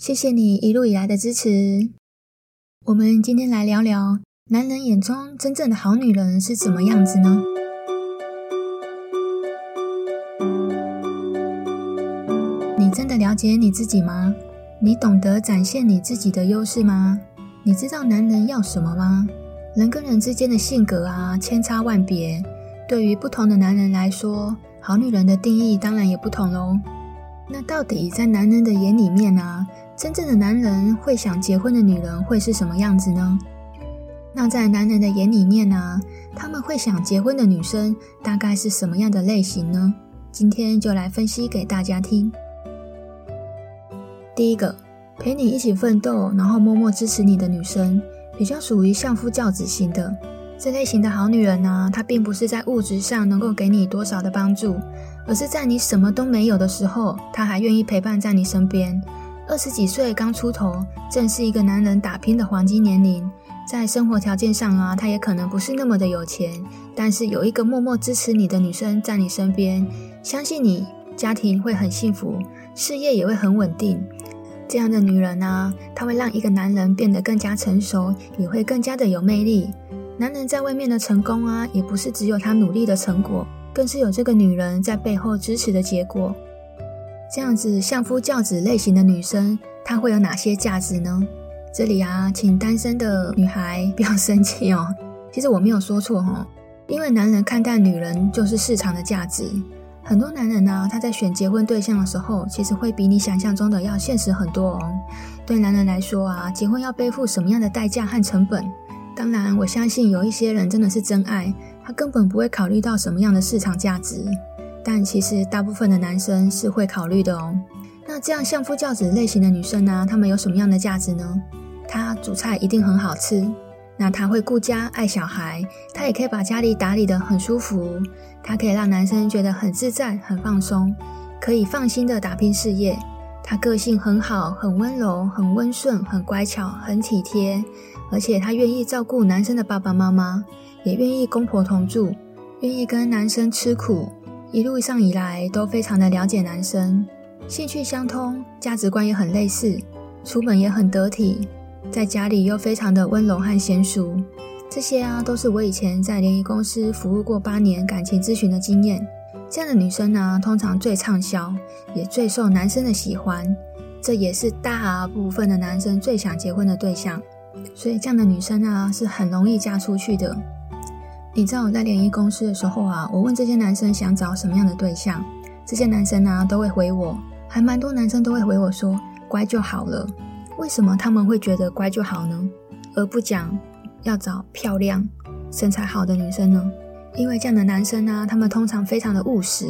謝謝你一路以來的支持。我們今天來聊聊男人眼中真正的好女人是怎麼樣子呢？你真的了解你自己嗎？你懂得展現你自己的優勢嗎？你知道男人要什麼嗎？人跟人之間的性格啊，千差萬別。對於不同的男人來說，好女人的定義當然也不同嘍。那到底在男人的眼裡面呢、啊？真正的男人會想結婚的女人會是什麼樣子呢？那在男人的眼裡面呢，他們會想結婚的女生大概是什麼樣的類型呢？今天就來分析給大家聽。第一個，陪你一起奮鬥，然後默默支持你的女生，比較屬於相夫教子型的。這類型的好女人呢，她並不是在物質上能夠給你多少的幫助，而是在你什麼都沒有的時候，她還願意陪伴在你身邊。二十幾歲剛出頭，正是一個男人打拼的黃金年齡。在生活條件上啊，他也可能不是那麼的有錢，但是有一個默默支持你的女生在你身邊，相信你家庭會很幸福，事業也會很穩定。這樣的女人啊，她會讓一個男人變得更加成熟，也會更加的有魅力。男人在外面的成功啊，也不是只有他努力的成果，更是有這個女人在背後支持的結果。這樣子相夫教子類型的女生，她會有哪些價值呢？這裡啊，請單身的女孩不要生氣哦。其實我沒有說錯哦，因為男人看待女人就是市場的價值。很多男人呢，他在選結婚對象的時候，其實會比你想象中的要現實很多哦。對男人來說啊，結婚要背負什麼樣的代價和成本？當然，我相信有一些人真的是真愛，他根本不會考慮到什麼樣的市場價值。但其實大部分的男生是會考慮的哦。那這樣相夫教子類型的女生呢、啊？她們有什麼樣的價值呢？她煮菜一定很好吃。那她會顧家愛小孩，她也可以把家裡打理得很舒服。她可以讓男生覺得很自在、很放鬆，可以放心地打拼事業。她個性很好，很溫柔，很溫順，很乖巧，很體貼，而且她願意照顧男生的爸爸媽媽，也願意公婆同住，願意跟男生吃苦。一路上以來都非常的了解男生，興趣相通，價值觀也很類似，出門也很得體，在家裡又非常的溫柔和賢淑，這些啊都是我以前在聯誼公司服務過八年感情諮詢的經驗。這樣的女生呢、啊，通常最暢銷，也最受男生的喜歡，這也是大部分的男生最想結婚的對象，所以這樣的女生啊，是很容易嫁出去的。你知道我在聯誼公司的時候啊，我問這些男生想找什麼樣的對象，這些男生呢、啊、都會回我，還蠻多男生都會回我說乖就好了。為什麼他們會覺得乖就好呢？而不講要找漂亮、身材好的女生呢？因為這樣的男生呢、啊，他們通常非常的務實，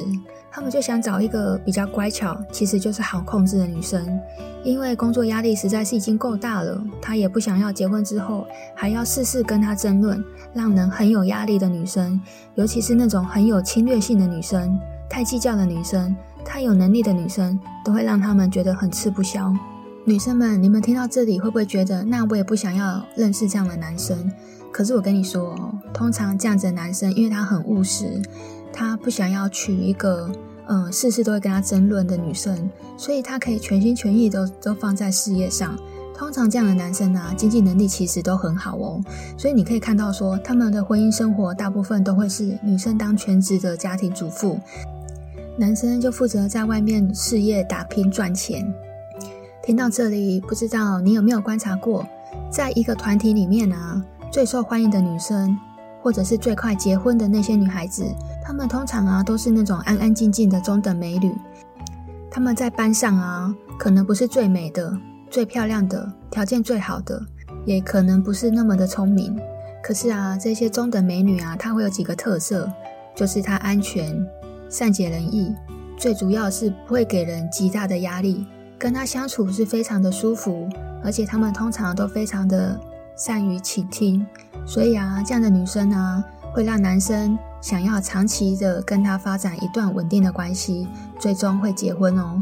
他們就想找一個比較乖巧，其實就是好控制的女生。因為工作壓力實在是已經夠大了，他也不想要結婚之後還要事事跟他爭論，讓人很有壓力的女生，尤其是那種很有侵略性的女生、太計較的女生、太有能力的女生，都會讓他們覺得很吃不消。女生們，你們聽到這裡會不會覺得，那我也不想要認識這樣的男生？可是我跟你說哦，通常這樣子的男生，因為他很務實，他不想要娶一個，嗯，事事都會跟他爭論的女生，所以他可以全心全意都都放在事業上。通常這樣的男生呢、啊，經濟能力其實都很好哦，所以你可以看到說，他們的婚姻生活大部分都會是女生當全職的家庭主婦，男生就負責在外面事業打拼賺錢。聽到這裡，不知道你有沒有觀察過，在一個團體裡面呢、啊？最受歡迎的女生，或者是最快結婚的那些女孩子，她們通常啊都是那種安安靜靜的中等美女。她們在班上啊，可能不是最美的、最漂亮的，條件最好的，也可能不是那麼的聰明。可是啊，這些中等美女啊，她會有幾個特色，就是她安全、善解人意，最主要是不會給人極大的壓力，跟她相處是非常的舒服。而且她們通常都非常的，善於傾聽，所以啊，這樣的女生呢、啊，會讓男生想要長期的跟她發展一段穩定的關係，最終會結婚哦。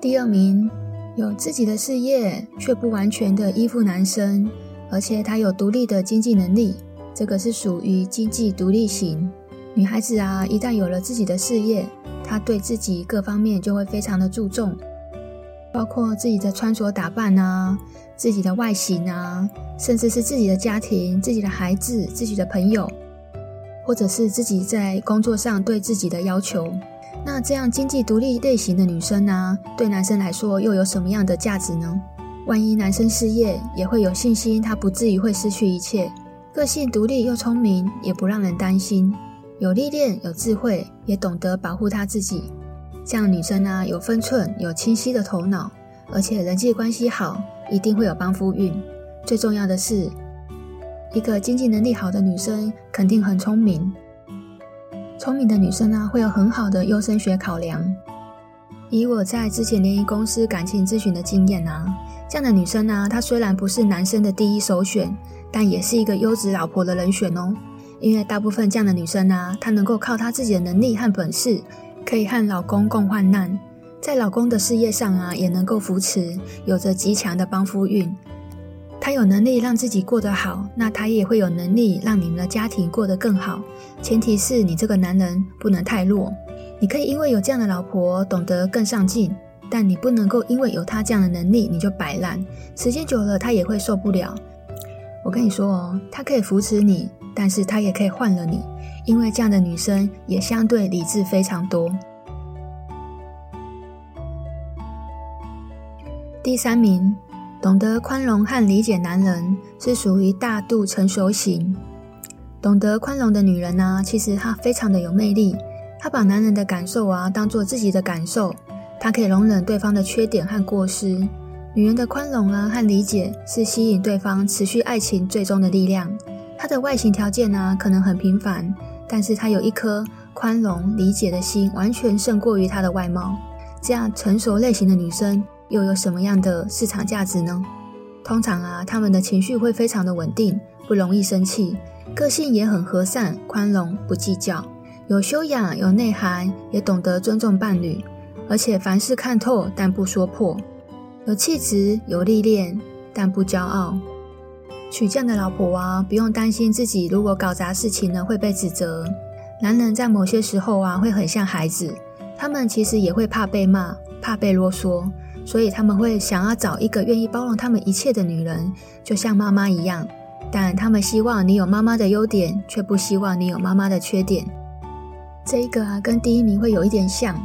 第二名，有自己的事業卻不完全的依附男生，而且她有獨立的經濟能力，這個是屬於經濟獨立型女孩子啊。一旦有了自己的事業，她對自己各方面就會非常的注重。包括自己的穿着打扮啊，自己的外形啊，甚至是自己的家庭、自己的孩子、自己的朋友，或者是自己在工作上對自己的要求。那這樣經濟獨立類型的女生啊，對男生來說又有什麼樣的價值呢？萬一男生失業，也會有信心他不至於會失去一切。個性獨立又聰明，也不讓人擔心，有歷練、有智慧，也懂得保護他自己。這樣的女生啊，有分寸，有清晰的頭腦，而且人際關係好，一定會有幫夫運。最重要的是，一個經濟能力好的女生，肯定很聰明。聰明的女生啊，會有很好的優生學考量。以我在之前聯誼公司感情諮詢的經驗啊，這樣的女生啊，她雖然不是男生的第一首選，但也是一個優質老婆的人選哦。因為大部分這樣的女生啊，她能夠靠她自己的能力和本事。可以和老公共患難，在老公的事業上啊，也能夠扶持，有着極強的幫夫運。他有能力讓自己過得好，那他也會有能力讓你們的家庭過得更好。前提是你這個男人不能太弱，你可以因為有這樣的老婆懂得更上進，但你不能夠因為有他這樣的能力你就擺爛，時間久了他也會受不了。我跟你說哦，他可以扶持你，但是他也可以換了你。因為這樣的女生也相對理智非常多。第三名，懂得寬容和理解男人，是屬於大度成熟型。懂得寬容的女人呢，其實她非常的有魅力。她把男人的感受啊當做自己的感受，她可以容忍對方的缺點和過失。女人的寬容啊和理解是吸引對方持續愛情最終的力量。她的外形條件呢，可能很平凡。但是她有一顆寬容理解的心，完全勝過於她的外貌。這樣成熟類型的女生又有什麼樣的市場價值呢？通常啊，她們的情緒會非常的穩定，不容易生氣，個性也很和善、寬容，不計較，有修養、有內涵，也懂得尊重伴侶，而且凡事看透但不說破，有氣質、有歷練，但不驕傲。娶這樣的老婆啊，不用擔心自己如果搞砸事情呢，會被指責。男人在某些時候啊，會很像孩子，他們其實也會怕被罵，怕被囉嗦，所以他們會想要找一個願意包容他們一切的女人，就像媽媽一樣。但他們希望你有媽媽的優點，卻不希望你有媽媽的缺點。這一個啊，跟第一名會有一點像，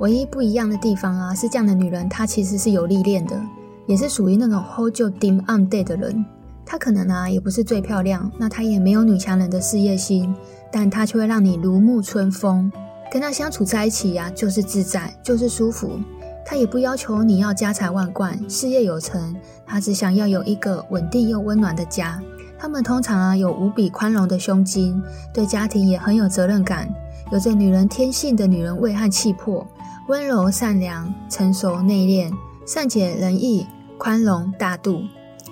唯一不一樣的地方啊，是這樣的女人，她其實是有歷練的，也是屬於那種 hold 就 team on day 的人。她可能啊也不是最漂亮，那她也沒有女強人的事業心，但她卻會讓你如沐春風。跟她相處在一起呀、啊，就是自在，就是舒服。她也不要求你要家財萬貫、事業有成，她只想要有一個穩定又溫暖的家。他們通常啊有無比寬容的胸襟，對家庭也很有責任感，有着女人天性的女人味和氣魄，溫柔善良、成熟內斂、善解人意、寬容大度。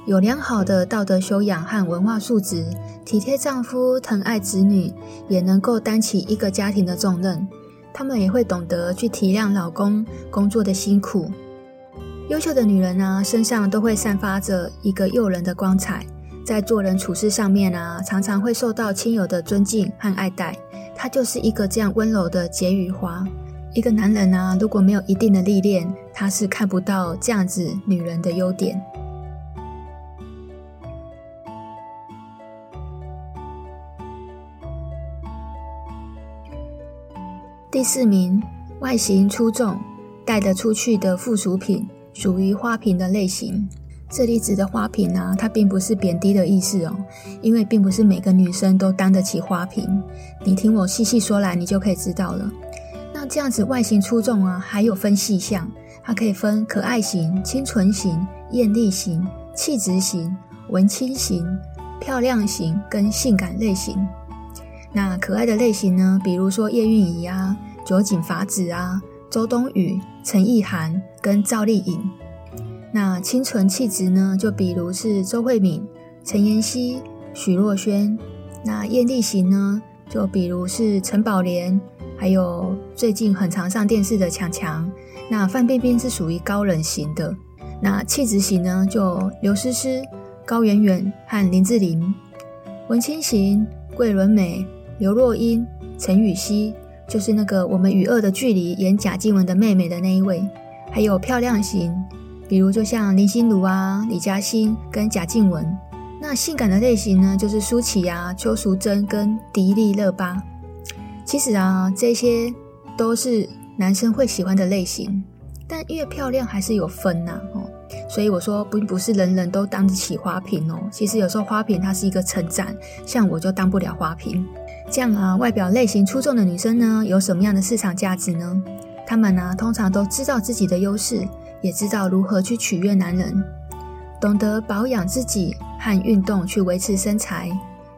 有良好的道德修養和文化素質，體貼丈夫，疼愛子女，也能夠擔起一個家庭的重任。他們也會懂得去體諒老公工作的辛苦。優秀的女人呢、啊、身上都會散發着一個誘人的光彩，在做人處事上面呢、啊、常常會受到親友的尊敬和愛戴。她就是一個這樣溫柔的解語花。一個男人啊，如果沒有一定的歷練，他是看不到這樣子女人的優點。第四名，外形出眾，帶得出去的附屬品，屬於花瓶的類型。這裡指的花瓶呢、啊，它並不是貶低的意思哦，因為並不是每個女生都擔得起花瓶。你聽我細細說來，你就可以知道了。那這樣子外形出眾啊，還有分細項，它可以分可愛型、清純型、艷麗型、氣質型、文青型、漂亮型跟性感類型。那可愛的類型呢，比如說葉蘊儀啊。酒井法子啊，周冬雨、陳意涵跟趙麗穎。那清純氣質呢，就比如是周慧敏、陳妍希、徐若瑄。那豔麗型呢，就比如是陳寶蓮，還有最近很常上電視的強強。那范冰冰是屬於高冷型的。那氣質型呢，就劉詩詩、高圓圓和林志玲。文青型，桂綸鎂、劉若英、陳宇熙，就是那個我們與惡的距離演，賈靜雯的妹妹的那一位。還有漂亮型，比如就像林心如啊、李嘉欣跟賈靜雯。那性感的類型呢，就是舒淇啊、邱淑貞跟迪麗熱巴。其實啊，這些都是男生會喜歡的類型，但越漂亮還是有分吶、啊、哦。所以我說並不是人人都當得起花瓶哦。其實有時候花瓶它是一個稱讚，像我就當不了花瓶。這樣啊，外表類型出眾的女生呢，有什麼樣的市場價值呢？她們呢、啊，通常都知道自己的優勢，也知道如何去取悅男人，懂得保養自己和運動去維持身材，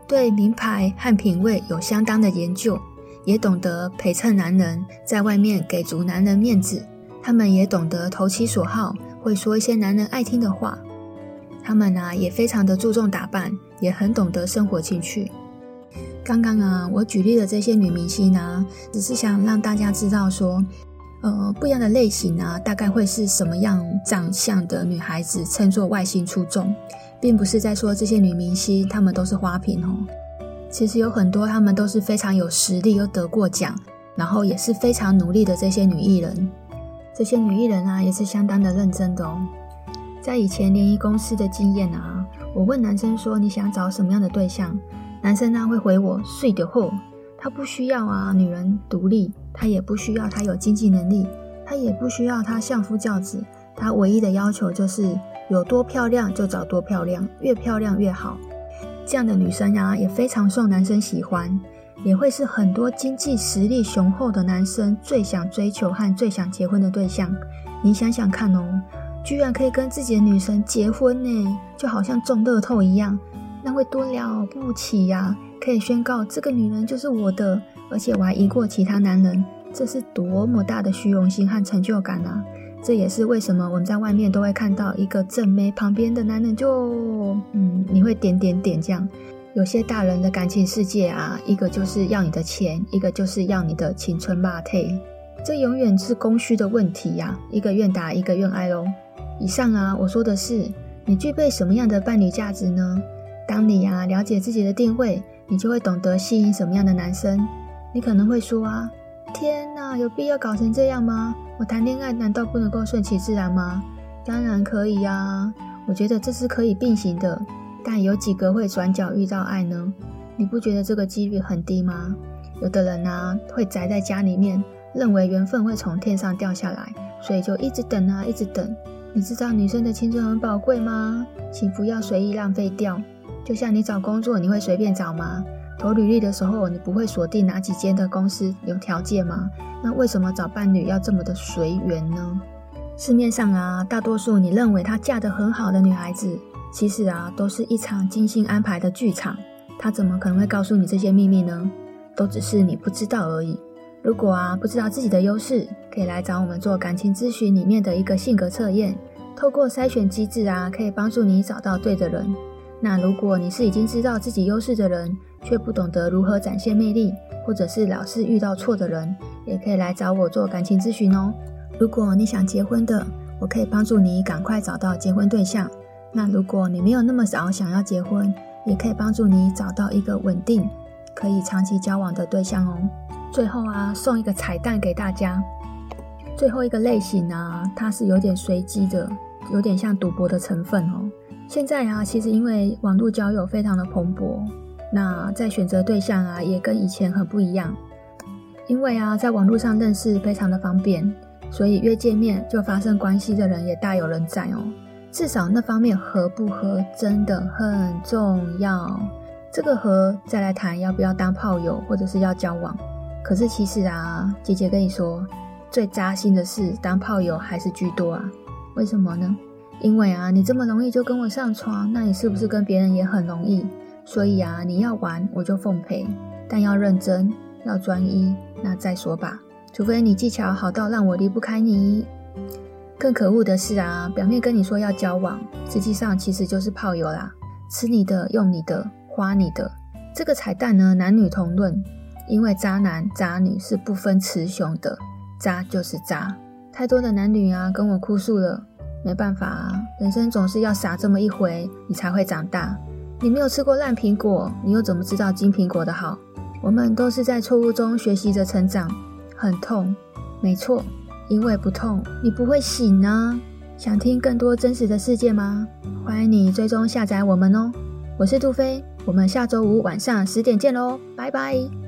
對名牌和品味有相當的研究，也懂得陪襯男人，在外面給足男人面子。她們也懂得投其所好，會說一些男人愛聽的話。她們呢、啊，也非常的注重打扮，也很懂得生活情趣。剛剛啊，我舉例的這些女明星啊，只是想讓大家知道說，呃，不一樣的類型啊，大概會是什麼樣長相的女孩子稱作外形出眾，並不是在說這些女明星她們都是花瓶哦。其實有很多她們都是非常有實力又得過獎，然後也是非常努力的這些女藝人，這些女藝人啊也是相當的認真的哦。在以前聯誼公司的經驗啊，我問男生說，你想找什麼樣的對象？男生呢、啊、會回我睡的貨，他不需要啊，女人獨立，他也不需要，他有經濟能力，他也不需要，他相夫教子，他唯一的要求就是有多漂亮就找多漂亮，越漂亮越好。這樣的女生呀、啊、也非常受男生喜歡，也會是很多經濟實力雄厚的男生最想追求和最想結婚的對象。你想想看哦，居然可以跟自己的女神結婚呢，就好像中樂透一樣。但會多了不起呀、啊！可以宣告這個女人就是我的，而且我還贏過其他男人，這是多麼大的虛榮心和成就感啊！這也是為什麼我們在外面都會看到一個正妹旁邊的男人就嗯，你會點點點這樣。有些大人的感情世界啊，一個就是要你的錢，一個就是要你的青春罵呸！這永遠是供需的問題呀、啊，一個願打，一個願挨嘍。以上啊，我說的是你具備什麼樣的伴侶價值呢？當你啊了解自己的定位，你就會懂得吸引什麼樣的男生。你可能會說啊，天吶，有必要搞成這樣嗎？我談戀愛難道不能夠順其自然嗎？當然可以呀、啊，我覺得這是可以並行的。但有幾個會轉角遇到愛呢？你不覺得這個幾率很低嗎？有的人啊，會宅在家裡面，認為緣分會從天上掉下來，所以就一直等啊，一直等。你知道女生的青春很寶貴嗎？請不要隨意浪費掉。就像你找工作，你會隨便找嗎？投履歷的時候，你不會鎖定哪幾間的公司有條件嗎？那為什麼找伴侶要這麼的隨緣呢？市面上啊，大多數你認為她嫁得很好的女孩子，其實啊，都是一場精心安排的劇場。她怎麼可能會告訴你這些秘密呢？都只是你不知道而已。如果啊，不知道自己的優勢，可以來找我們做感情諮詢裡面的一個性格測驗，透過篩選機制啊，可以幫助你找到對的人。那如果你是已經知道自己優勢的人，卻不懂得如何展現魅力，或者是老是遇到錯的人，也可以來找我做感情諮詢哦。如果你想結婚的，我可以幫助你趕快找到結婚對象。那如果你沒有那麼早想要結婚，也可以幫助你找到一個穩定、可以長期交往的對象哦。最後啊，送一個彩蛋給大家。最後一個類型啊，它是有點隨機的，有點像賭博的成分哦。現在啊，其實因為網絡交友非常的蓬勃，那在選擇對象啊，也跟以前很不一樣。因為啊，在網絡上認識非常的方便，所以約見面就發生關係的人也大有人在哦。至少那方面合不合真的很重要，這個合再來談要不要當炮友或者是要交往。可是其實啊，姐姐跟你說，最紮心的是當炮友還是居多啊。為什麼呢？因為啊，你這麼容易就跟我上床，那你是不是跟別人也很容易？所以啊，你要玩我就奉陪，但要認真，要專一，那再說吧。除非你技巧好到讓我離不開你。更可惡的是啊，表面跟你說要交往，實際上其實就是炮友啦，吃你的，用你的，花你的。這個彩蛋呢，男女同論，因為渣男渣女是不分雌雄的，渣就是渣。太多的男女啊，跟我哭訴了。沒辦法啊，人生總是要傻這麼一回，你才會長大。你沒有吃過爛蘋果，你又怎麼知道金蘋果的好？我們都是在錯誤中學習着成長，很痛。沒錯，因為不痛，你不會醒呢、啊。想聽更多真實的世界嗎？歡迎你追蹤下載我們哦。我是杜菲，我們下周五晚上十點見嘍，拜拜。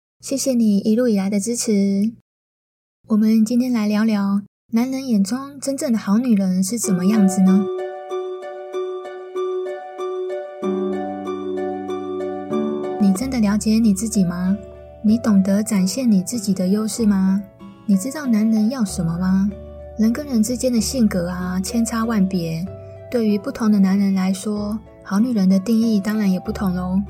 謝謝你一路以來的支持。我們今天來聊聊男人眼中真正的好女人是怎麼樣子呢？你真的了解你自己嗎？你懂得展現你自己的優勢嗎？你知道男人要什麼嗎？人跟人之間的性格啊，千差萬別。對於不同的男人來說，好女人的定義當然也不同咯。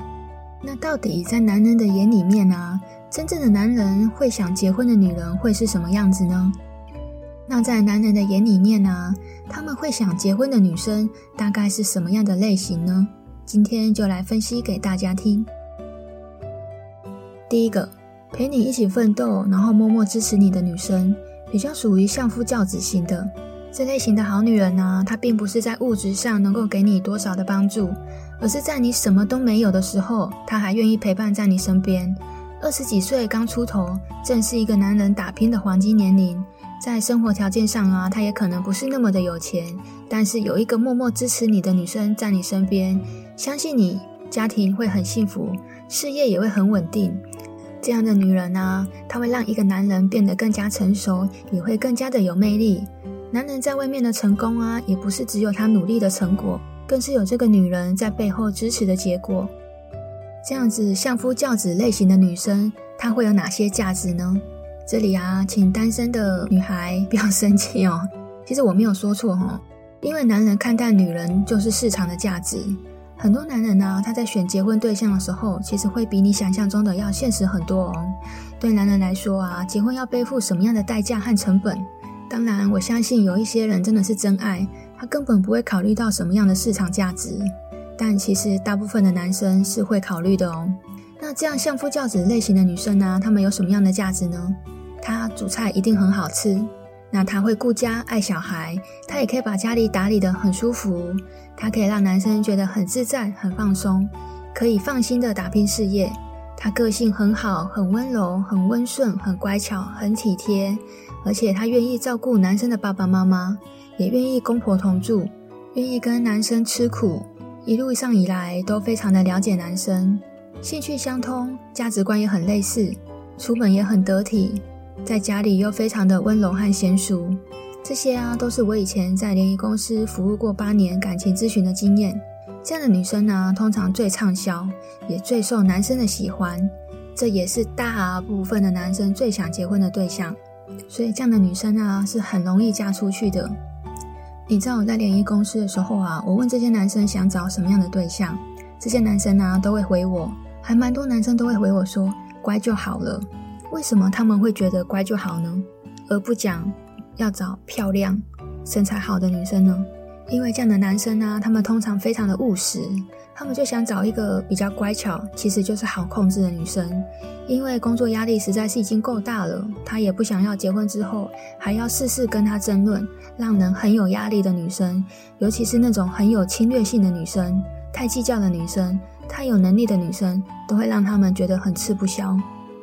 那到底在男人的眼裡面呢？啊？真正的男人會想結婚的女人會是什麼樣子呢？那在男人的眼裡面呢，他們會想結婚的女生大概是什麼樣的類型呢？今天就來分析給大家聽。第一個，陪你一起奮鬥，然後默默支持你的女生，比較屬於相夫教子型的。這類型的好女人呢，她並不是在物質上能夠給你多少的幫助，而是在你什麼都沒有的時候，她還願意陪伴在你身邊。二十幾歲剛出頭，正是一個男人打拼的黃金年齡。在生活條件上啊，他也可能不是那麼的有錢，但是有一個默默支持你的女生在你身邊，相信你家庭會很幸福，事業也會很穩定。這樣的女人啊，她會讓一個男人變得更加成熟，也會更加的有魅力。男人在外面的成功啊，也不是只有他努力的成果，更是有這個女人在背後支持的結果。這樣子相夫教子類型的女生，她會有哪些價值呢？這裡啊，請單身的女孩不要生氣哦。其實我沒有說錯哦，因為男人看待女人就是市場的價值。很多男人呢，他在選結婚對象的時候，其實會比你想象中的要現實很多哦。對男人來說啊，結婚要背負什麼樣的代價和成本？當然，我相信有一些人真的是真愛，他根本不會考慮到什麼樣的市場價值。但其實大部分的男生是會考慮的哦。那這樣相夫教子類型的女生呢？她們有什麼樣的價值呢？她煮菜一定很好吃。那她會顧家愛小孩，她也可以把家裡打理得很舒服。她可以讓男生覺得很自在、很放鬆，可以放心的打拼事業。她個性很好，很溫柔，很溫順，很乖巧，很體貼，而且她願意照顧男生的爸爸媽媽，也願意公婆同住，願意跟男生吃苦。一路上以來都非常的了解男生，興趣相通，價值觀也很類似，出門也很得體，在家裡又非常的溫柔和嫻熟，這些啊都是我以前在聯誼公司服務過八年感情諮詢的經驗。這樣的女生呢、啊，通常最暢銷，也最受男生的喜歡，這也是大部分的男生最想結婚的對象，所以這樣的女生啊，是很容易嫁出去的。你知道我在聯誼公司的時候啊，我問這些男生想找什麼樣的對象，這些男生呢、啊、都會回我，還蠻多男生都會回我說乖就好了。為什麼他們會覺得乖就好呢？而不講要找漂亮、身材好的女生呢？因為這樣的男生呢、啊，他們通常非常的務實，他們就想找一個比較乖巧，其實就是好控制的女生。因為工作壓力實在是已經夠大了，他也不想要結婚之後還要事事跟他爭論，讓人很有壓力的女生，尤其是那種很有侵略性的女生、太計較的女生、太有能力的女生，都會讓他們覺得很吃不消。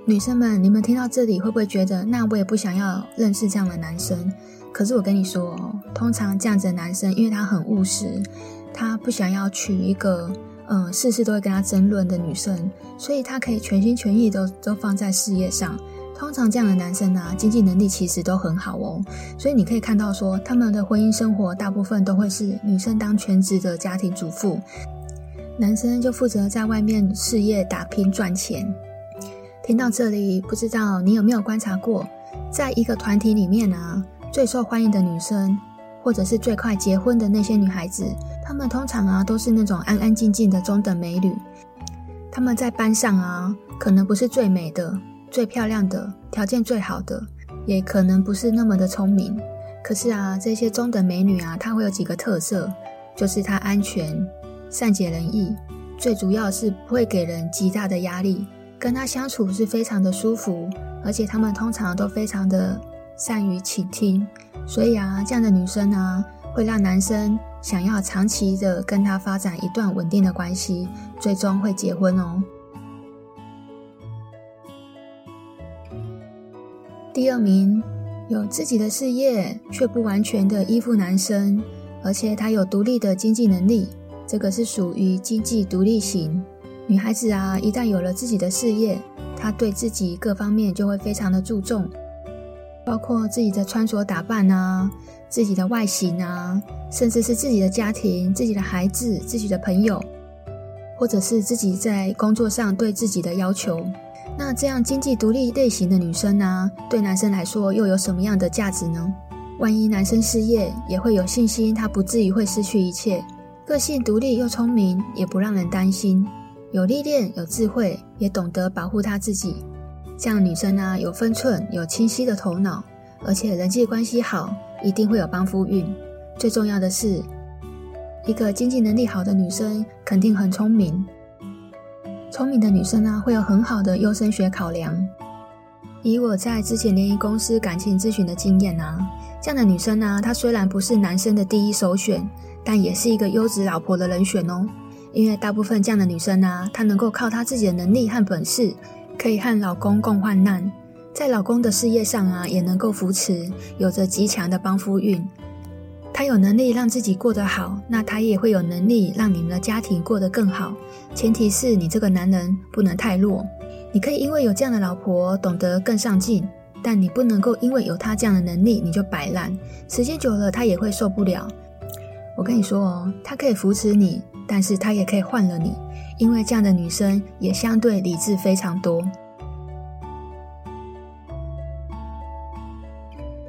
女生們，你們聽到這裡會不會覺得，那我也不想要認識這樣的男生？可是我跟你說哦，通常這樣子的男生，因為他很務實，他不想要娶一個嗯，事事都會跟他爭論的女生，所以他可以全心全意都都放在事業上。通常這樣的男生啊，經濟能力其實都很好哦，所以你可以看到說，他們的婚姻生活大部分都會是女生當全職的家庭主婦，男生就負責在外面事業打拼賺錢。聽到這裡，不知道你有沒有觀察過，在一個團體裡面呢？最受歡迎的女生，或者是最快結婚的那些女孩子，她們通常啊都是那種安安靜靜的中等美女。她們在班上啊，可能不是最美的、最漂亮的，條件最好的，也可能不是那麼的聰明。可是啊，這些中等美女啊，她會有幾個特色，就是她安全、善解人意，最主要是不會給人極大的壓力，跟她相處是非常的舒服，而且她們通常都非常的。善於傾聽，所以啊，這樣的女生呢、啊，會讓男生想要長期的跟她發展一段穩定的關係，最終會結婚哦。第二名，有自己的事業卻不完全的依附男生，而且她有獨立的經濟能力，這個是屬於經濟獨立型女孩子啊。一旦有了自己的事業，她對自己各方面就會非常的注重。包括自己的穿着打扮啊，自己的外形啊，甚至是自己的家庭、自己的孩子、自己的朋友，或者是自己在工作上對自己的要求。那這樣經濟獨立類型的女生呢，啊，對男生來說又有什麼樣的價值呢？萬一男生失業，也會有信心他不至於會失去一切。個性獨立又聰明，也不讓人擔心，有歷練、有智慧，也懂得保護他自己。這樣的女生啊，有分寸，有清晰的頭腦，而且人際關係好，一定會有幫夫運。最重要的是，一個經濟能力好的女生，肯定很聰明。聰明的女生啊，會有很好的優生學考量。以我在之前聯誼公司感情諮詢的經驗啊，這樣的女生啊，她雖然不是男生的第一首選，但也是一個優質老婆的人選哦。因為大部分這樣的女生啊，她能夠靠她自己的能力和本事。可以和老公共患難，在老公的事業上啊，也能夠扶持，有着極強的幫夫運。他有能力讓自己過得好，那他也會有能力讓你們的家庭過得更好。前提是你這個男人不能太弱，你可以因為有這樣的老婆懂得更上進，但你不能夠因為有他這樣的能力你就擺爛，時間久了他也會受不了。我跟你說哦，他可以扶持你，但是他也可以換了你。因為這樣的女生也相對理智非常多。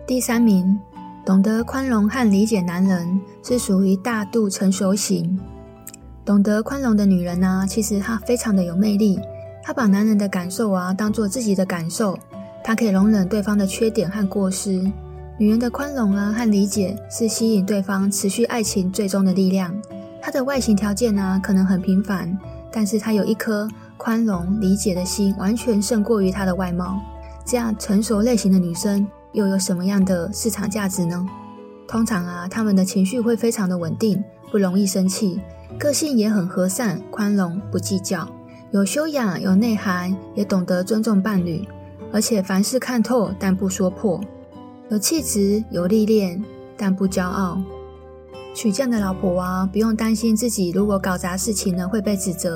第三名，懂得寬容和理解男人，是屬於大度成熟型。懂得寬容的女人呢、啊，其實她非常的有魅力。她把男人的感受啊當做自己的感受，她可以容忍對方的缺點和過失。女人的寬容啊和理解是吸引對方持續愛情最終的力量。她的外形條件呢、啊，可能很平凡。但是她有一顆寬容理解的心，完全勝過於她的外貌。這樣成熟類型的女生又有什麼樣的市場價值呢？通常啊，她們的情緒會非常的穩定，不容易生氣，個性也很和善、寬容，不計較，有修養、有內涵，也懂得尊重伴侶，而且凡事看透但不說破，有氣質、有歷練，但不驕傲。娶這樣的老婆啊，不用擔心自己如果搞砸事情呢，會被指責。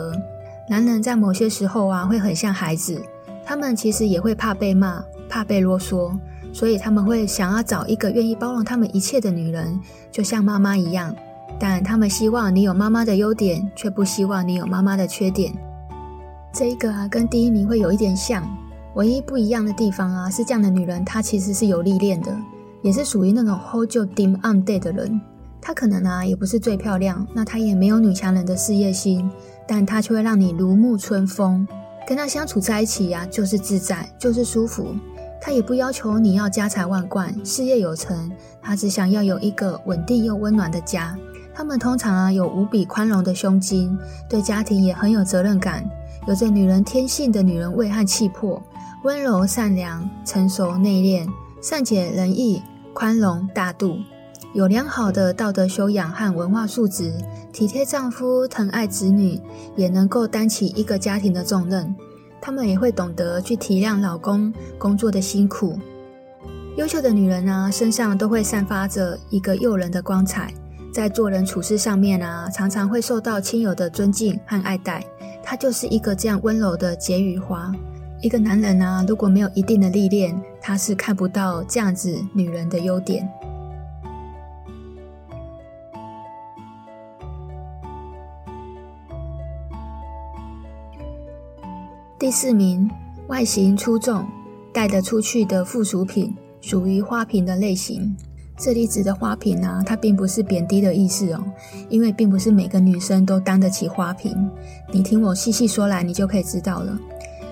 男人在某些時候啊，會很像孩子，他們其實也會怕被罵、怕被囉嗦，所以他們會想要找一個願意包容他們一切的女人，就像媽媽一樣。但他們希望你有媽媽的優點，卻不希望你有媽媽的缺點。這一個啊跟第一名會有一點像，唯一不一樣的地方啊，是這樣的女人她其實是有歷練的，也是屬於那種 hold 住 team on day 的人。她可能啊也不是最漂亮，那她也沒有女強人的事業心，但她卻會讓你如沐春風。跟她相處在一起呀、啊，就是自在，就是舒服。她也不要求你要家財萬貫、事業有成，她只想要有一個穩定又溫暖的家。他們通常啊有無比寬容的胸襟，對家庭也很有責任感，有着女人天性的女人味和氣魄，溫柔善良、成熟內斂、善解人意、寬容大度，有良好的道德修養和文化素質，體貼丈夫，疼愛子女，也能夠擔起一個家庭的重任。他們也會懂得去體諒老公工作的辛苦。優秀的女人呢、啊，身上都會散發着一個誘人的光彩，在做人處事上面呢、啊，常常會受到親友的尊敬和愛戴。她就是一個這樣溫柔的解語花。一個男人啊，如果沒有一定的歷練，他是看不到這樣子女人的優點。第四名，外形出眾，帶得出去的附屬品，屬於花瓶的類型。這裡指的花瓶啊，它並不是貶低的意思哦，因為並不是每個女生都擔得起花瓶。你聽我細細說來，你就可以知道了。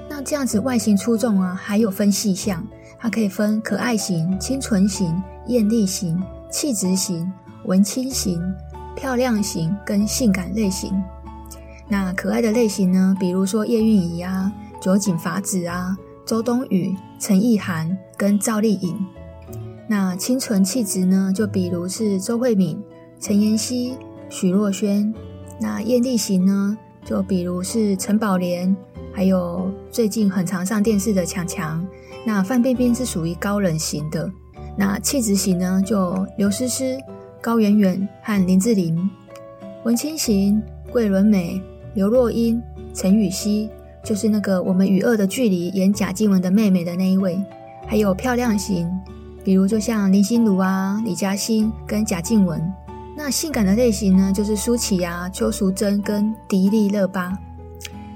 那這樣子外形出眾啊，還有分細項，它可以分可愛型、清純型、豔麗型、氣質型、文青型、漂亮型跟性感類型。那可愛的類型呢？比如說葉蘊儀啊、酒井法子啊、周冬雨、陳意涵跟趙麗穎。那清純氣質呢？就比如是周慧敏、陳妍希、徐若瑄。那豔麗型呢？就比如是陳寶蓮，還有最近很常上電視的強強。那范冰冰是屬於高冷型的。那氣質型呢？就劉詩詩、高圓圓和林志玲。文青型，桂綸鎂。劉若英、陳芋希，就是那個我們與惡的距離演賈靜雯的妹妹的那一位，還有漂亮型，比如就像林心如啊、李嘉欣跟賈靜雯。那性感的類型呢，就是舒淇啊、邱淑貞跟迪麗熱巴。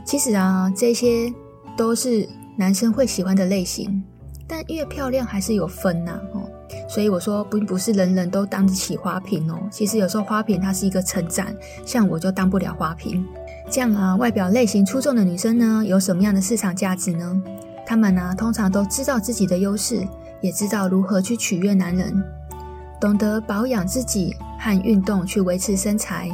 其實啊，這些都是男生會喜歡的類型，但越漂亮還是有分吶，啊。所以我說，並不是人人都當得起花瓶哦。其實有時候花瓶它是一個稱讚，像我就當不了花瓶。這樣啊，外表類型出眾的女生呢，有什麼樣的市場價值呢？她們呢、啊，通常都知道自己的優勢，也知道如何去取悅男人，懂得保養自己和運動去維持身材，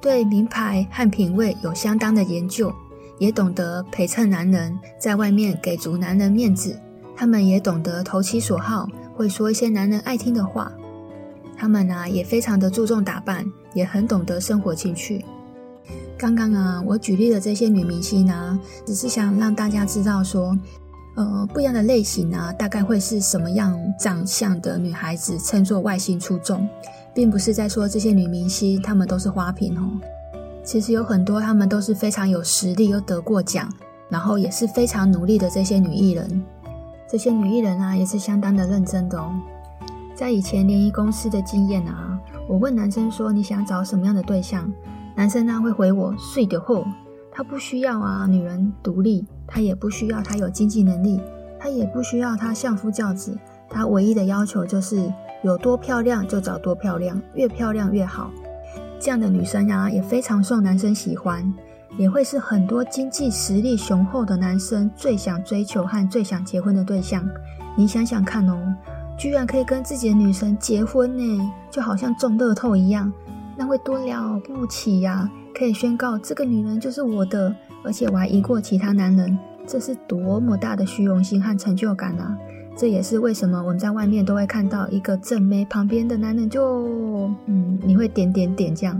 對名牌和品味有相當的研究，也懂得陪襯男人，在外面給足男人面子。她們也懂得投其所好。會說一些男人愛聽的話，他們啊也非常的注重打扮，也很懂得生活情趣。剛剛啊我舉例的這些女明星啊，只是想讓大家知道說，呃，不一樣的類型啊，大概會是什麼樣長相的女孩子稱作外形出眾，並不是在說這些女明星她們都是花瓶哦。其實有很多她們都是非常有實力又得過獎，然後也是非常努力的這些女藝人。這些女藝人啊，也是相當的認真的哦。在以前聯誼公司的經驗啊，我問男生說：“你想找什麼樣的對象？”男生呢、啊、會回我：“水就好，他不需要啊，女人獨立，他也不需要他有經濟能力，他也不需要他相夫教子，他唯一的要求就是有多漂亮就找多漂亮，越漂亮越好。這樣的女生呀、啊，也非常受男生喜歡。”也會是很多經濟實力雄厚的男生最想追求和最想結婚的對象。你想想看哦，居然可以跟自己的女神結婚呢，就好像中樂透一樣，那會多了不起呀、啊！可以宣告這個女人就是我的，而且我還贏過其他男人，這是多麼大的虛榮心和成就感啊！這也是為什麼我們在外面都會看到一個正妹旁邊的男人就嗯，你會點點點這樣。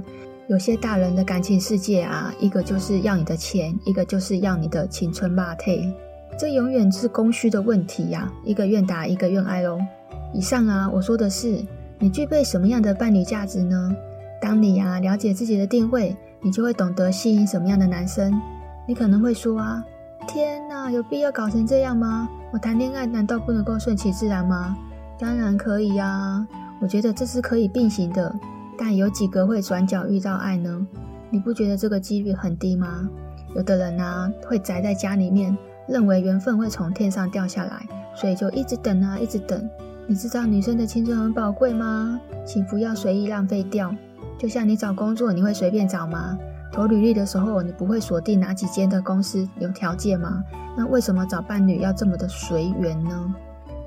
有些大人的感情世界啊，一個就是要你的錢，一個就是要你的青春霸退，這永遠是供需的問題呀，啊，一個願打，一個願挨哦。以上啊，我說的是你具備什麼樣的伴侶價值呢？當你啊了解自己的定位，你就會懂得吸引什麼樣的男生。你可能會說啊，天哪，有必要搞成這樣嗎？我談戀愛難道不能夠順其自然嗎？當然可以呀，啊，我覺得這是可以並行的。但有幾個會轉角遇到愛呢？你不覺得這個幾率很低嗎？有的人呢，啊，會宅在家裡面，認為緣分會從天上掉下來，所以就一直等啊，一直等。你知道女生的青春很寶貴嗎？請不要隨意浪費掉。就像你找工作，你會隨便找嗎？投履歷的時候，你不會鎖定哪幾間的公司有條件嗎？那為什麼找伴侶要這麼的隨緣呢？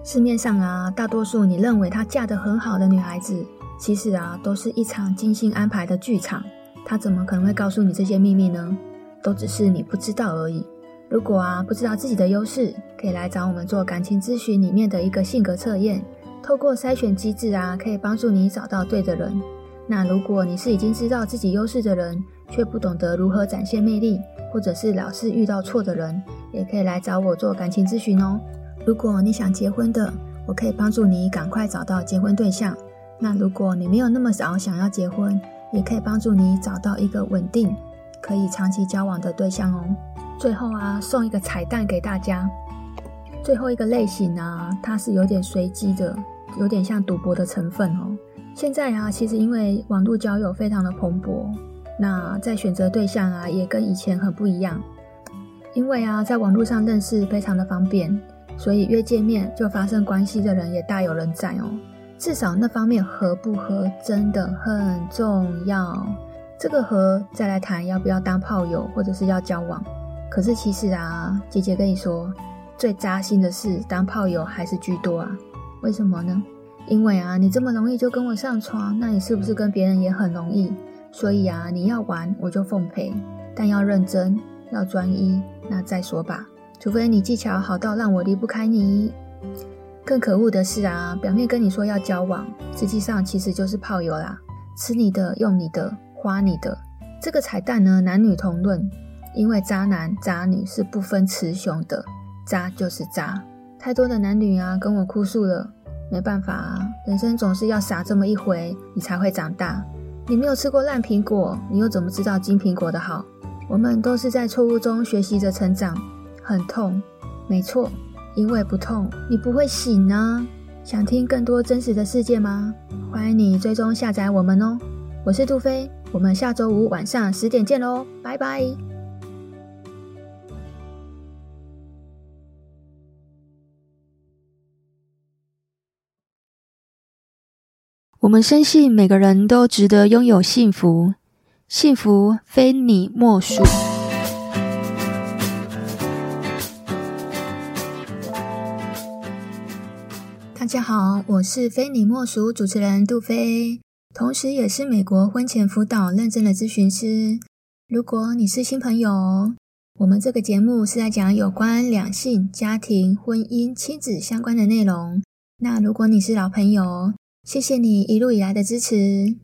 市面上啊，大多數你認為她嫁得很好的女孩子。其實啊，都是一場精心安排的劇場。他怎麼可能會告訴你這些秘密呢？都只是你不知道而已。如果啊，不知道自己的優勢，可以來找我們做感情諮詢裡面的一個性格測驗，透過篩選機制啊，可以幫助你找到對的人。那如果你是已經知道自己優勢的人，卻不懂得如何展現魅力，或者是老是遇到錯的人，也可以來找我做感情諮詢哦。如果你想結婚的，我可以幫助你趕快找到結婚對象。那如果你沒有那麼早想要結婚，也可以幫助你找到一個穩定、可以長期交往的對象哦。最後啊，送一個彩蛋給大家。最後一個類型啊，它是有點隨機的，有點像賭博的成分哦。現在啊，其實因為網絡交友非常的蓬勃，那在選擇對象啊，也跟以前很不一樣。因為啊，在網絡上認識非常的方便，所以約見面就發生關係的人也大有人在哦。至少那方面合不合真的很重要，這個合再來談要不要當炮友或者是要交往。可是其實啊，姐姐跟你說，最扎心的是當炮友還是居多啊。為什麼呢？因為啊，你這麼容易就跟我上床，那你是不是跟別人也很容易？所以啊，你要玩我就奉陪，但要認真，要專一，那再說吧。除非你技巧好到讓我離不開你。更可惡的是啊，表面跟你說要交往，實際上其實就是炮友啦，吃你的，用你的，花你的。這個彩蛋呢，男女同論，因為渣男渣女是不分雌雄的，渣就是渣。太多的男女啊，跟我哭訴了，沒辦法啊，人生總是要傻這麼一回，你才會長大。你沒有吃過爛蘋果，你又怎麼知道金蘋果的好？我們都是在錯誤中學習着成長，很痛，沒錯。因為不痛，你不會醒呢、啊。想聽更多真實的世界嗎？歡迎你追蹤下載我們哦。我是杜菲，我們下周五晚上十點見嘍，拜拜。我們深信每個人都值得擁有幸福，幸福非你莫屬。大家好，我是菲妳莫屬主持人杜菲，同時也是美國婚前輔導認證的諮詢師。如果你是新朋友，我們這個節目是在講有關兩性、家庭、婚姻、親子相關的內容。那如果你是老朋友，謝謝你一路以來的支持。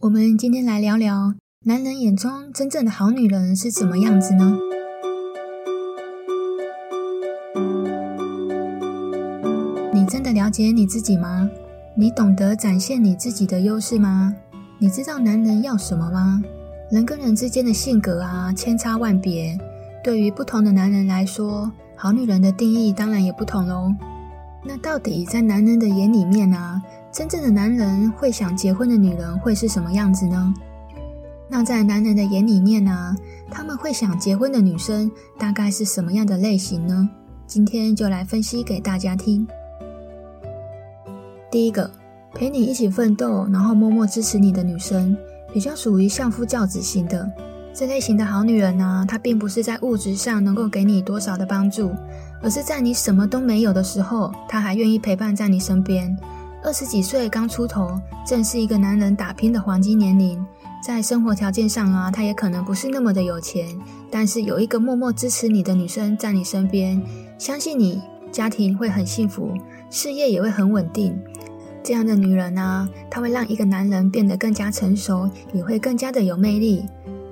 我們今天來聊聊男人眼中真正的好女人是怎麼樣子呢？你真的了解你自己嗎？你懂得展現你自己的優勢嗎？你知道男人要什麼嗎？人跟人之間的性格啊，千差萬別。對於不同的男人來說，好女人的定義當然也不同嘍。那到底在男人的眼裡面啊，真正的男人會想結婚的女人會是什麼樣子呢？那在男人的眼裡面啊，他們會想結婚的女生大概是什麼樣的類型呢？今天就來分析給大家聽。第一個陪你一起奮鬥，然後默默支持你的女生，比較屬於相夫教子型的。這類型的好女人呢，她並不是在物質上能夠給你多少的幫助，而是在你什麼都沒有的時候，她還願意陪伴在你身邊。二十幾歲剛出頭，正是一個男人打拼的黃金年齡。在生活條件上啊，她也可能不是那麼的有錢，但是有一個默默支持你的女生在你身邊，相信你家庭會很幸福，事業也會很穩定。這樣的女人呢，她會讓一個男人變得更加成熟，也會更加的有魅力。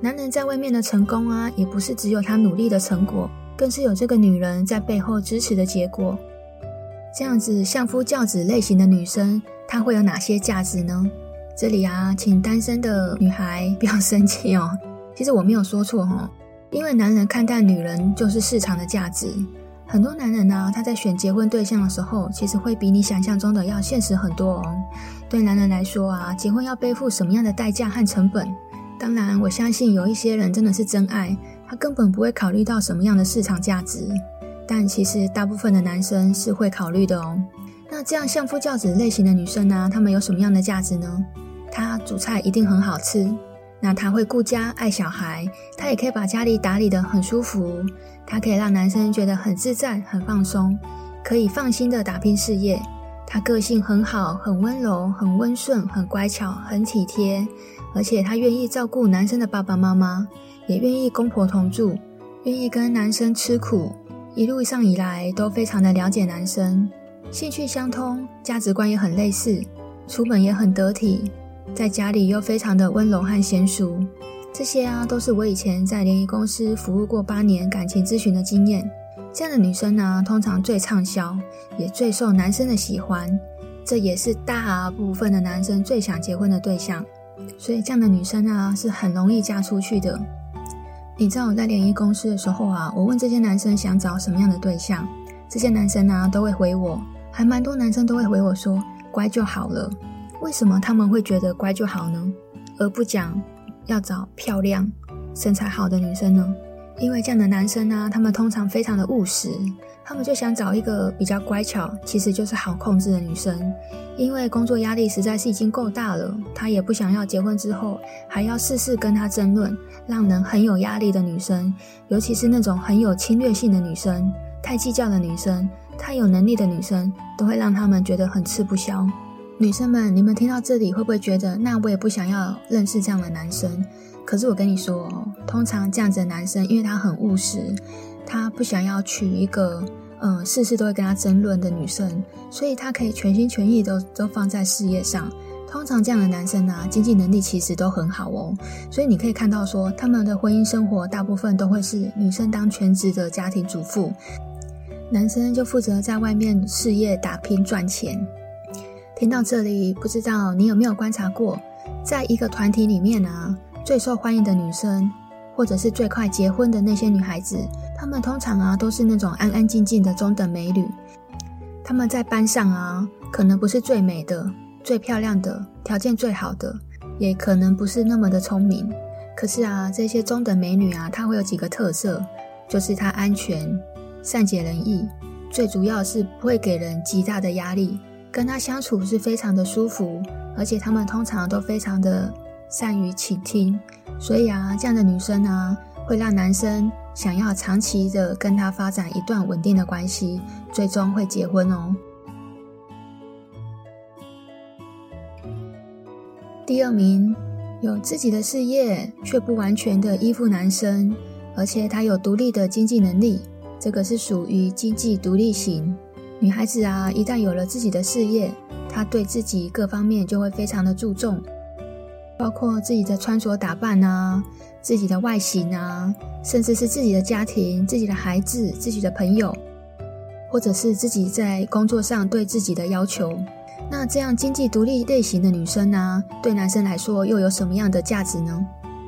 男人在外面的成功啊，也不是只有他努力的成果，更是有這個女人在背後支持的結果。這樣子相夫教子類型的女生，她會有哪些價值呢？這裡啊，請單身的女孩不要生氣哦。其實我沒有說錯哦，因為男人看待女人就是市場的價值。很多男人呢、啊，他在選結婚對象的時候，其實會比你想象中的要現實很多哦。對男人來說啊，結婚要背負什麼樣的代價和成本？當然，我相信有一些人真的是真愛，他根本不會考慮到什麼樣的市場價值。但其實大部分的男生是會考慮的哦。那這樣相夫教子類型的女生呢、啊，她們有什麼樣的價值呢？她煮菜一定很好吃，那她會顧家愛小孩，她也可以把家裡打理得很舒服。她可以讓男生覺得很自在、很放鬆，可以放心的打拼事業。她個性很好，很溫柔，很溫順，很乖巧，很體貼，而且她願意照顧男生的爸爸媽媽，也願意公婆同住，願意跟男生吃苦，一路上以來都非常的了解男生，興趣相通，價值觀也很類似，出門也很得體，在家裡又非常的溫柔和賢淑。這些啊，都是我以前在聯誼公司服務過八年感情諮詢的經驗。這樣的女生呢，通常最暢銷，也最受男生的喜歡，這也是大部分的男生最想結婚的對象。所以，這樣的女生啊，是很容易嫁出去的。你知道我在聯誼公司的時候啊，我問這些男生想找什麼樣的對象，這些男生呢都會回我，還蠻多男生都會回我說：“乖就好了。”為什麼他們會覺得“乖就好”呢？而不講，要找漂亮、身材好的女生呢，因為這樣的男生呢、啊，他們通常非常的務實，他們就想找一個比較乖巧，其實就是好控制的女生。因為工作壓力實在是已經夠大了，他也不想要結婚之後還要事事跟他爭論，讓人很有壓力的女生，尤其是那種很有侵略性的女生、太計較的女生、太有能力的女生，都會讓他們覺得很吃不消。女生們，你們聽到這裡會不會覺得，那我也不想要認識這樣的男生？可是我跟你說哦，通常這樣子的男生，因為他很務實，他不想要娶一個嗯事事都會跟他爭論的女生，所以他可以全心全意都都放在事業上。通常這樣的男生啊，經濟能力其實都很好哦，所以你可以看到說，他們的婚姻生活大部分都會是女生當全職的家庭主婦，男生就負責在外面事業打拼賺錢。聽到這裡，不知道你有沒有觀察過，在一個團體裡面呢啊，最受歡迎的女生，或者是最快結婚的那些女孩子，她們通常啊都是那種安安靜靜的中等美女。她們在班上啊，可能不是最美的、最漂亮的，條件最好的，也可能不是那麼的聰明。可是啊，這些中等美女啊，她會有幾個特色，就是她安全、善解人意，最主要是不會給人極大的壓力。跟她相處是非常的舒服，而且他們通常都非常的善於傾聽，所以啊，這樣的女生呢、啊，會讓男生想要長期的跟她發展一段穩定的關係，最終會結婚哦。第二名，有自己的事業，卻不完全的依附男生，而且她有獨立的經濟能力，這個是屬於經濟獨立型。女孩子啊，一旦有了自己的事業，她對自己各方面就會非常的注重，包括自己的穿着打扮啊，自己的外形啊，甚至是自己的家庭、自己的孩子、自己的朋友，或者是自己在工作上對自己的要求。那這樣經濟獨立類型的女生啊，對男生來說又有什麼樣的價值呢？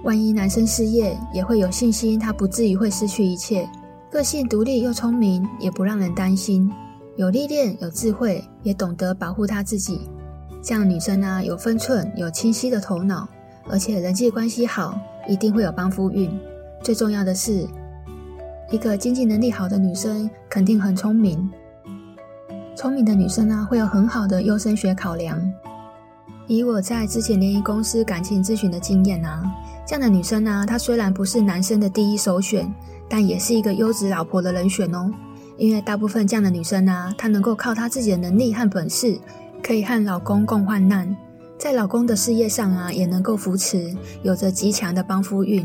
萬一男生失業，也會有信心，他不至於會失去一切。個性獨立又聰明，也不讓人擔心。有歷練、有智慧，也懂得保護她自己，這樣的女生呢、啊，有分寸、有清晰的頭腦，而且人際關係好，一定會有幫夫運。最重要的是，一個經濟能力好的女生，肯定很聰明。聰明的女生呢、啊，會有很好的優生學考量。以我在之前聯誼公司感情諮詢的經驗啊，這樣的女生呢、啊，她雖然不是男生的第一首選，但也是一個優質老婆的人選哦。因為大部分這樣的女生呢、啊，她能夠靠她自己的能力和本事，可以和老公共患難，在老公的事業上啊，也能夠扶持，有着極強的幫夫運。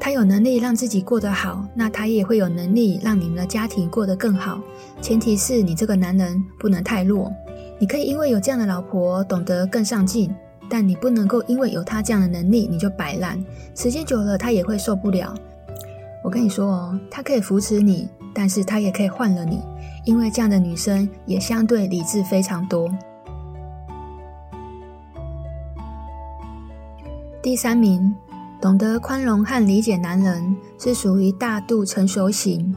她有能力讓自己過得好，那她也會有能力讓你們的家庭過得更好。前提是你這個男人不能太弱，你可以因為有這樣的老婆懂得更上進，但你不能夠因為有她這樣的能力你就擺爛，時間久了她也會受不了。我跟你說哦，她可以扶持你。但是她也可以換了你，因為這樣的女生也相對理智非常多。第三名，懂得寬容和理解男人，是屬於大度成熟型。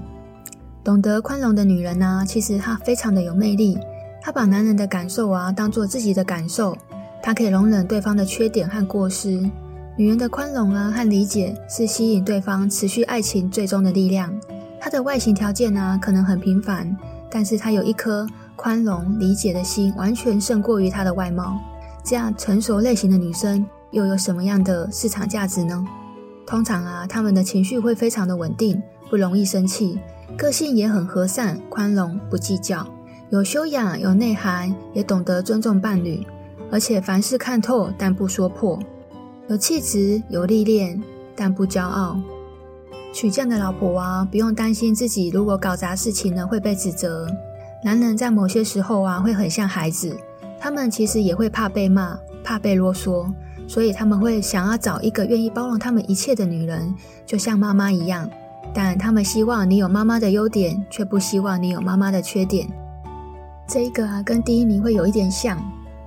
懂得寬容的女人呢、啊，其實她非常的有魅力。她把男人的感受啊當做自己的感受，她可以容忍對方的缺點和過失。女人的寬容啊和理解，是吸引對方持續愛情最終的力量。她的外形條件呢、啊，可能很平凡，但是她有一顆寬容理解的心，完全勝過於她的外貌。這樣成熟類型的女生又有什麼樣的市場價值呢？通常啊，她們的情緒會非常的穩定，不容易生氣，個性也很和善、寬容，不計較，有修養、有內涵，也懂得尊重伴侶，而且凡事看透但不說破，有氣質、有歷練但不驕傲。娶這樣的老婆啊，不用擔心自己如果搞砸事情呢會被指責。男人在某些時候啊會很像孩子，他們其實也會怕被罵，怕被囉嗦，所以他們會想要找一個願意包容他們一切的女人，就像媽媽一樣。但他們希望你有媽媽的優點，卻不希望你有媽媽的缺點。這一個啊跟第一名會有一點像，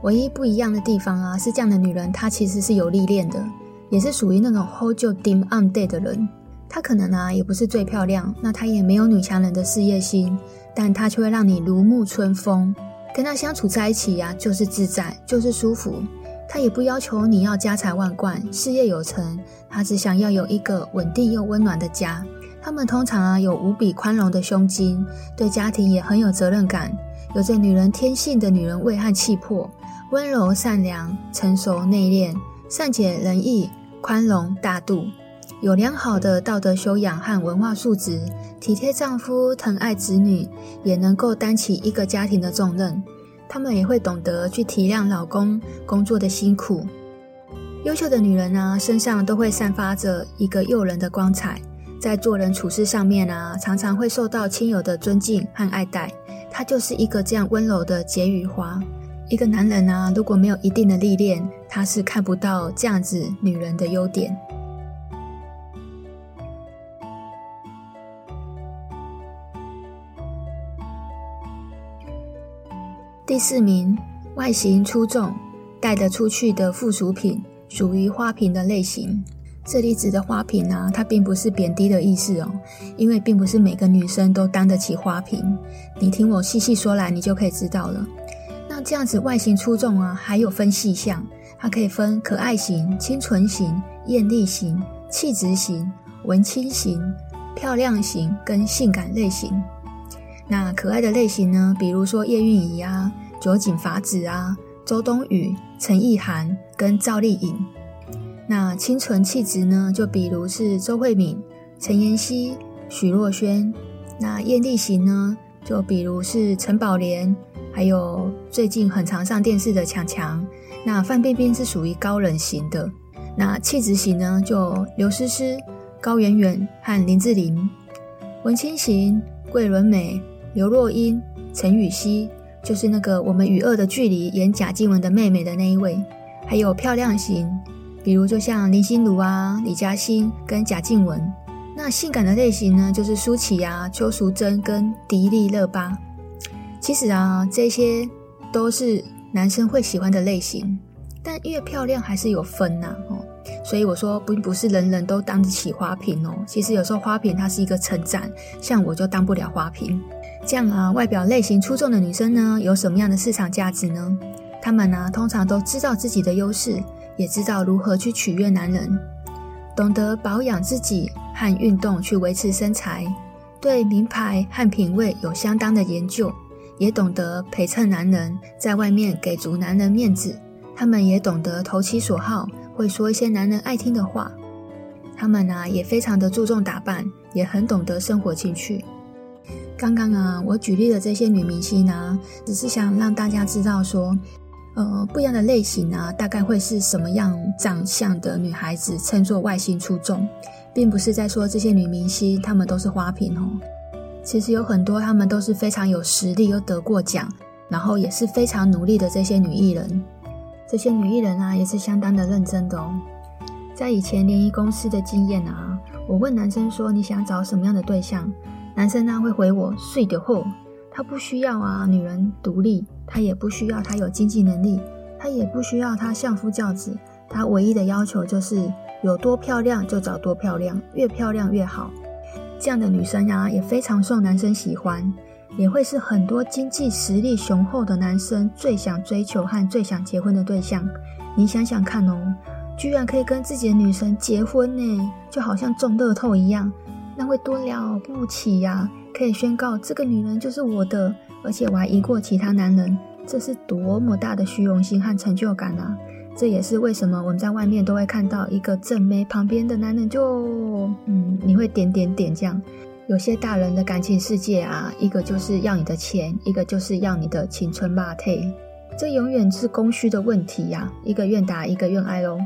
唯一不一樣的地方啊是這樣的女人她其實是有歷練的，也是屬於那種 hold 就 team on day 的人。她可能啊也不是最漂亮，那她也沒有女強人的事業心，但她卻會讓你如沐春風。跟她相處在一起呀、啊，就是自在，就是舒服。她也不要求你要家財萬貫、事業有成，她只想要有一個穩定又溫暖的家。他們通常啊有無比寬容的胸襟，對家庭也很有責任感，有着女人天性的女人味和氣魄，溫柔善良、成熟內斂、善解人意、寬容大度。有良好的道德修養和文化素質，體貼丈夫，疼愛子女，也能夠擔起一個家庭的重任。他們也會懂得去體諒老公工作的辛苦。優秀的女人呢、啊，身上都會散發着一個誘人的光彩，在做人處事上面呢、啊，常常會受到親友的尊敬和愛戴。她就是一個這樣溫柔的解語花。一個男人啊，如果沒有一定的歷練，他是看不到這樣子女人的優點。第四名，外形出眾，帶得出去的附屬品，屬於花瓶的類型。這裡指的花瓶啊，它並不是貶低的意思哦，因為並不是每個女生都擔得起花瓶。你聽我細細說來，你就可以知道了。那這樣子外形出眾啊，還有分細項，它可以分可愛型、清純型、艷麗型、氣質型、文青型、漂亮型跟性感類型。那可愛的類型呢？比如說葉蘊儀啊、酒井法子啊、周冬雨、陳意涵跟趙麗穎。那清純氣質呢？就比如是周慧敏、陳妍希、徐若瑄。那豔麗型呢？就比如是陳寶蓮，還有最近很常上電視的強強。那范冰冰是屬於高冷型的。那氣質型呢？就劉詩詩、高圓圓和林志玲。文青型，桂綸鎂。劉若英、陳宇希，就是那個我們與惡的距離演賈靜雯的妹妹的那一位。還有漂亮型，比如就像林心如啊、李嘉欣跟賈靜雯。那性感的類型呢，就是舒淇啊、邱淑貞跟迪麗熱巴。其實啊，這些都是男生會喜歡的類型，但越漂亮還是有分吶、啊、哦。所以我說，並不，不是人人都當得起花瓶哦。其實有時候花瓶它是一個稱讚，像我就當不了花瓶。這樣啊，外表類型出眾的女生呢，有什麼樣的市場價值呢？她們呢、啊，通常都知道自己的優勢，也知道如何去取悅男人，懂得保養自己和運動去維持身材，對名牌和品味有相當的研究，也懂得陪襯男人，在外面給足男人面子。她們也懂得投其所好，會說一些男人愛聽的話。她們呢、啊，也非常的注重打扮，也很懂得生活情趣。剛剛啊，我舉例的這些女明星呢、啊，只是想讓大家知道說，呃，不一樣的類型啊，大概會是什麼樣長相的女孩子稱作外形出眾，並不是在說這些女明星她們都是花瓶哦。其實有很多她們都是非常有實力又得過獎，然後也是非常努力的這些女藝人，這些女藝人啊也是相當的認真的哦。在以前聯誼公司的經驗啊，我問男生說，你想找什麼樣的對象？男生呢、啊、會回我睡得厚，他不需要啊，女人獨立，他也不需要，他有經濟能力，他也不需要，他相夫教子，他唯一的要求就是有多漂亮就找多漂亮，越漂亮越好。這樣的女生呀、啊、也非常受男生喜歡，也會是很多經濟實力雄厚的男生最想追求和最想結婚的對象。你想想看哦，居然可以跟自己的女神結婚呢，就好像中樂透一樣。那會多了不起呀、啊！可以宣告這個女人就是我的，而且我還贏過其他男人，這是多麼大的虛榮心和成就感啊！這也是為什麼我們在外面都會看到一個正妹旁邊的男人就嗯，你會點點點這樣。有些大人的感情世界啊，一個就是要你的錢，一個就是要你的青春肉體，這永遠是供需的問題呀、啊，一個願打，一個願挨嘍、哦。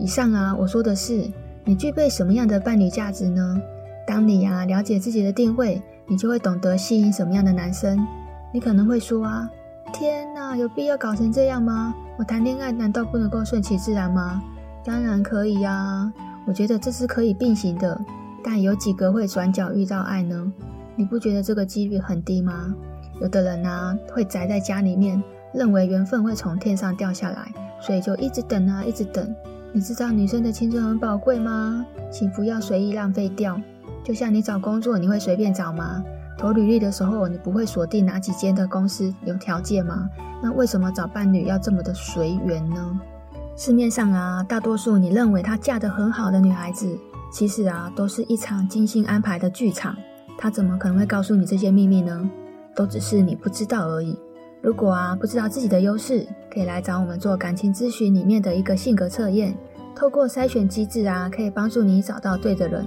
以上啊，我說的是你具備什麼樣的伴侶價值呢？當你啊了解自己的定位，你就會懂得吸引什麼樣的男生。你可能會說啊，天哪，有必要搞成這樣嗎？我談戀愛難道不能夠順其自然嗎？當然可以呀，我覺得這是可以並行的。但有幾個會轉角遇到愛呢？你不覺得這個幾率很低嗎？有的人啊，會宅在家裡面，認為緣分會從天上掉下來，所以就一直等啊，一直等。你知道女生的青春很寶貴嗎？請不要隨意浪費掉。就像你找工作，你會隨便找嗎？投履歷的時候，你不會鎖定哪幾間的公司有條件嗎？那為什麼找伴侶要這麼的隨緣呢？市面上啊，大多數你認為她嫁得很好的女孩子，其實啊，都是一場精心安排的劇場。她怎麼可能會告訴你這些秘密呢？都只是你不知道而已。如果啊，不知道自己的優勢，可以來找我們做感情諮詢裡面的一個性格測驗，透過篩選機制啊，可以幫助你找到對的人。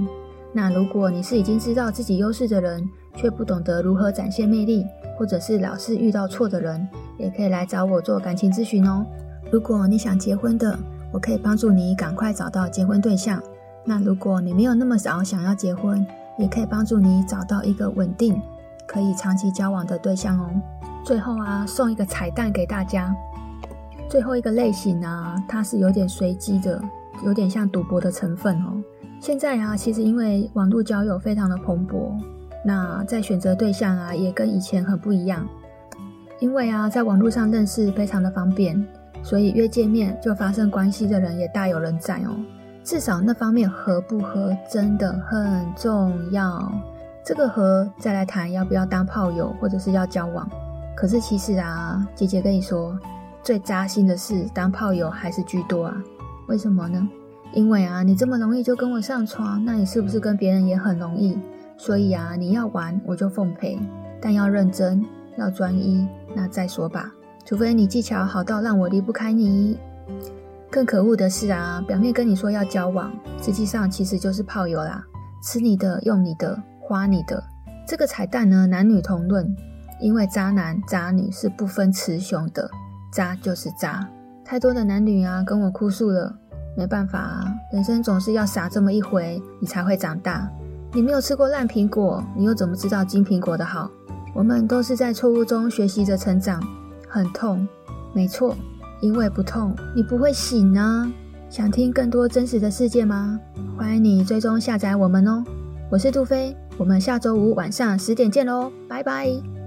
那如果你是已經知道自己優勢的人，卻不懂得如何展現魅力，或者是老是遇到錯的人，也可以來找我做感情諮詢哦。如果你想結婚的，我可以幫助你趕快找到結婚對象。那如果你沒有那麼早想要結婚，也可以幫助你找到一個穩定、可以長期交往的對象哦。最後啊，送一個彩蛋給大家。最後一個類型啊，它是有點隨機的，有點像賭博的成分哦。現在啊，其實因為網絡交友非常的蓬勃，那在選擇對象啊，也跟以前很不一樣。因為啊，在網絡上認識非常的方便，所以約見面就發生關係的人也大有人在哦。至少那方面合不合真的很重要，這個合再來談要不要當炮友或者是要交往。可是其實啊，姐姐跟你說，最扎心的是當炮友還是居多啊。為什麼呢？因為啊，你這麼容易就跟我上床，那你是不是跟別人也很容易？所以啊，你要玩我就奉陪，但要認真，要專一，那再說吧。除非你技巧好到讓我離不開你。更可惡的是啊，表面跟你說要交往，實際上其實就是炮友啦，吃你的，用你的，花你的。這個彩蛋呢，男女同論，因為渣男渣女是不分雌雄的，渣就是渣。太多的男女啊，跟我哭訴了。沒辦法啊，人生總是要傻這麼一回，你才會長大。你沒有吃過爛蘋果，你又怎麼知道金蘋果的好？我們都是在錯誤中學習着成長，很痛。沒錯，因為不痛，你不會醒啊。想聽更多真實的世界嗎？歡迎你追蹤下載我們哦。我是杜菲，我們下周五晚上十點見嘍，拜拜。